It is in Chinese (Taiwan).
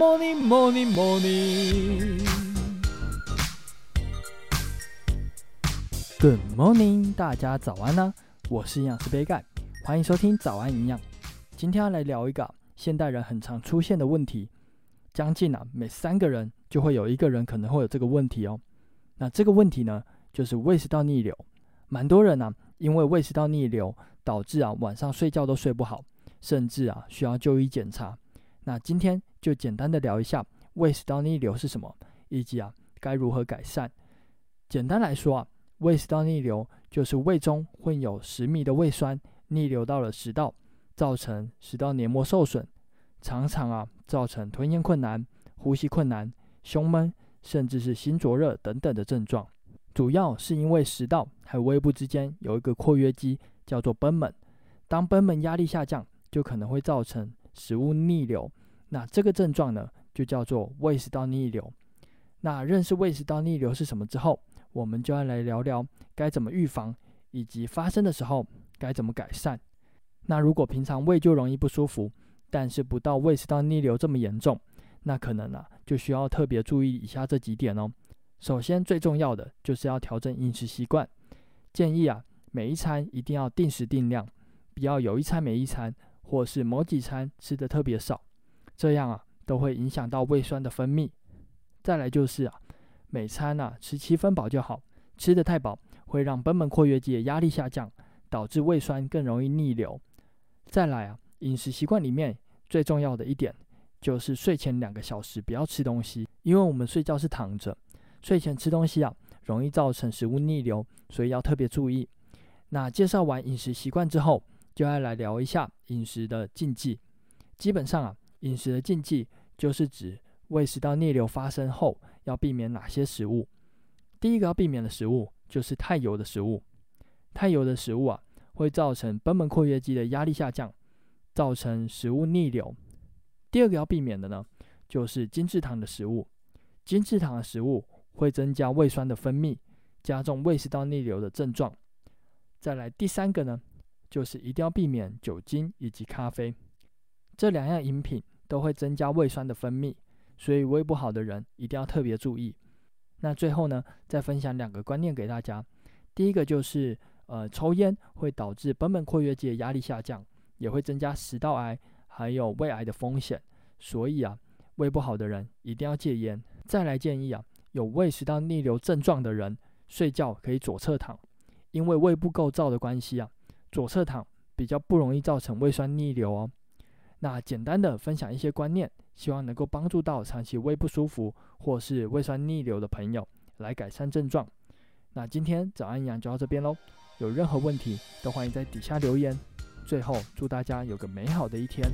Morning, morning, morning. Good morning，大家早安啊！我是營養師杯蓋，歡迎收聽早安營養。今天要來聊一個現代人很常出現的問題，將近啊每三個人就會有一個人可能會有這個問題哦。那這個問題呢，就是胃食道逆流。蠻多人呢、啊，因為胃食道逆流，導致啊晚上睡覺都睡不好，甚至啊需要就醫檢查。那今天就簡單的聊一下胃食道逆流是什麼，以及啊該如何改善。簡單來說啊，胃食道逆流就是胃中混有食糜的胃酸逆流到了食道，造成食道黏膜受損，常常啊造成吞嚥困難、呼吸困難、胸悶，甚至是心灼熱等等的症狀。主要是因為食道還有胃部之間有一個括約肌，叫做賁門。當賁門壓力下降，就可能會造成。食物逆流，那這個症狀呢，就叫做胃食道逆流。那認識胃食道逆流是什麼之後，我們就要來聊聊該怎麼預防，以及發生的時候該怎麼改善。那如果平常胃就容易不舒服，但是不到胃食道逆流這麼嚴重，那可能啊就需要特別注意以下這幾點哦。首先最重要的就是要調整飲食習慣，建議啊每一餐一定要定時定量，不要有一餐沒一餐。或是某幾餐吃得特別少，這樣啊都會影響到胃酸的分泌。再來就是啊，每餐呢、啊、吃七分飽就好，吃得太飽會讓賁門括約肌的壓力下降，導致胃酸更容易逆流。再來啊，飲食習慣裡面最重要的一點就是睡前兩個小時不要吃東西，因為我們睡覺是躺着，睡前吃東西啊容易造成食物逆流，所以要特別注意。那介紹完飲食習慣之後，就要來聊一下飲食的禁忌。基本上啊，飲食的禁忌就是指胃食道逆流發生後要避免哪些食物。第一個要避免的食物就是太油的食物。太油的食物啊，會造成賁門括約肌的壓力下降，造成食物逆流。第二個要避免的呢，就是精制糖的食物。精制糖的食物會增加胃酸的分泌，加重胃食道逆流的症狀。再來第三個呢？就是一定要避免酒精以及咖啡這兩樣飲品，都會增加胃酸的分泌，所以胃不好的人一定要特別注意。那最後呢，再分享兩個觀念給大家。第一個就是，呃，抽煙會導致賁門括約肌的壓力下降，也會增加食道癌還有胃癌的風險。所以啊，胃不好的人一定要戒煙。再來建議啊，有胃食道逆流症狀的人睡覺可以左側躺，因為胃部構造的關係啊。左側躺比較不容易造成胃酸逆流哦。那簡單的分享一些觀念，希望能夠幫助到長期胃不舒服或是胃酸逆流的朋友來改善症狀。那今天早安營養就到這邊嘍，有任何問題都歡迎在底下留言。最後祝大家有個美好的一天。